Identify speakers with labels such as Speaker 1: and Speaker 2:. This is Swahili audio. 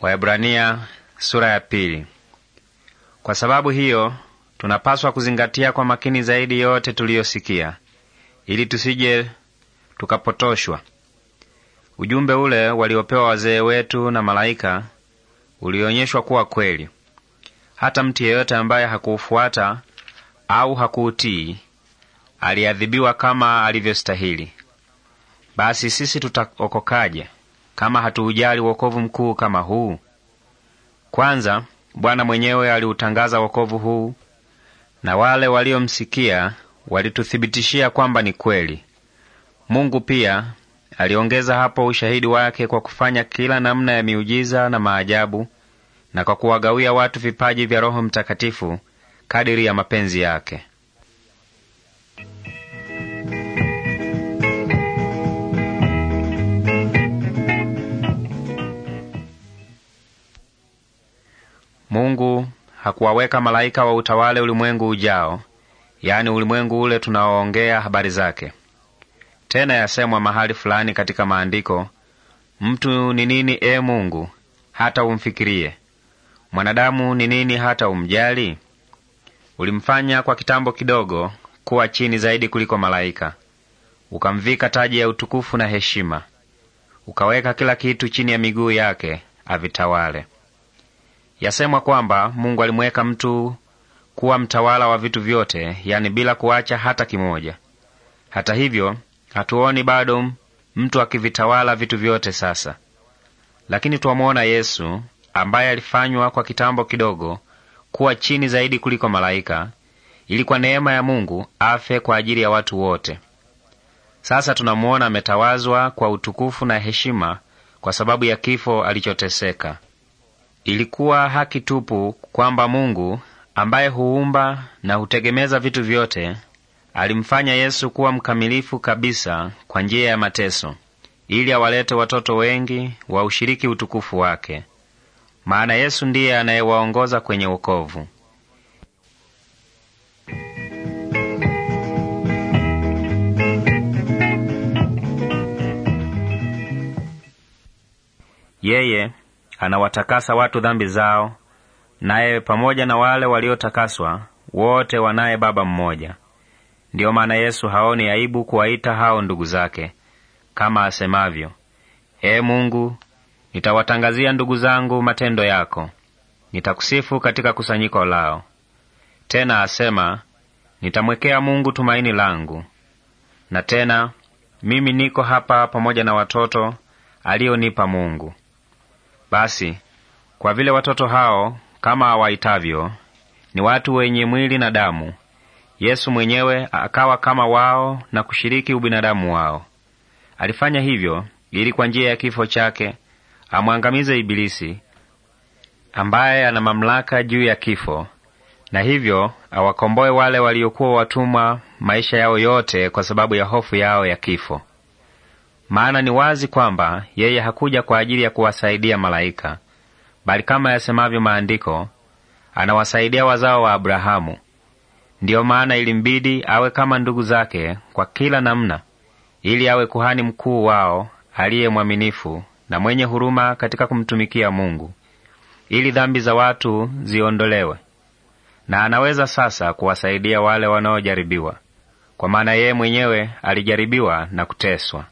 Speaker 1: Waebrania sura ya pili. Kwa sababu hiyo tunapaswa kuzingatia kwa makini zaidi yote tuliyosikia, ili tusije tukapotoshwa. Ujumbe ule waliopewa wazee wetu na malaika ulionyeshwa kuwa kweli. Hata mtu yeyote ambaye hakuufuata au hakuutii aliadhibiwa kama alivyostahili. Basi sisi tutaokokaje? kama hatuujali wokovu mkuu kama huu? Kwanza, Bwana mwenyewe aliutangaza wokovu huu, na wale waliomsikia walituthibitishia kwamba ni kweli. Mungu pia aliongeza hapo ushahidi wake kwa kufanya kila namna ya miujiza na maajabu na kwa kuwagawia watu vipaji vya Roho Mtakatifu kadiri ya mapenzi yake. Mungu hakuwaweka malaika wa utawale ulimwengu ujao, yaani ulimwengu ule tunaoongea habari zake. Tena yasemwa mahali fulani katika maandiko, mtu ni nini, e Mungu, hata umfikirie? Mwanadamu ni nini, hata umjali? Ulimfanya kwa kitambo kidogo kuwa chini zaidi kuliko malaika, ukamvika taji ya utukufu na heshima, ukaweka kila kitu chini ya miguu yake avitawale. Yasemwa kwamba Mungu alimweka mtu kuwa mtawala wa vitu vyote, yani bila kuacha hata kimoja. Hata hivyo, hatuoni bado mtu akivitawala vitu vyote sasa, lakini twamwona Yesu ambaye alifanywa kwa kitambo kidogo kuwa chini zaidi kuliko malaika, ili kwa neema ya Mungu afe kwa ajili ya watu wote. Sasa tunamuona ametawazwa kwa utukufu na heshima kwa sababu ya kifo alichoteseka. Ilikuwa haki tupu kwamba Mungu ambaye huumba na hutegemeza vitu vyote alimfanya Yesu kuwa mkamilifu kabisa kwa njia ya mateso ili awalete watoto wengi wa ushiriki utukufu wake. Maana Yesu ndiye anayewaongoza kwenye wokovu. Yeye anawatakasa watu dhambi zao, naye pamoja na wale waliotakaswa wote wanaye Baba mmoja. Ndiyo maana Yesu haoni aibu kuwaita hao ndugu zake, kama asemavyo, Ee Mungu, nitawatangazia ndugu zangu matendo yako, nitakusifu katika kusanyiko lao. Tena asema, nitamwekea Mungu tumaini langu. Na tena mimi niko hapa pamoja na watoto alionipa Mungu. Basi kwa vile watoto hao kama hawahitavyo ni watu wenye mwili na damu, Yesu mwenyewe akawa kama wao na kushiriki ubinadamu wao. Alifanya hivyo ili kwa njia ya kifo chake amwangamize Ibilisi ambaye ana mamlaka juu ya kifo, na hivyo awakomboe wale waliokuwa watumwa maisha yao yote kwa sababu ya hofu yao ya kifo. Maana ni wazi kwamba yeye hakuja kwa ajili ya kuwasaidia malaika, bali kama yasemavyo Maandiko, anawasaidia wazao wa Abrahamu. Ndiyo maana ilimbidi awe kama ndugu zake kwa kila namna, ili awe kuhani mkuu wao aliye mwaminifu na mwenye huruma katika kumtumikia Mungu, ili dhambi za watu ziondolewe. Na anaweza sasa kuwasaidia wale wanaojaribiwa, kwa maana yeye mwenyewe alijaribiwa na kuteswa.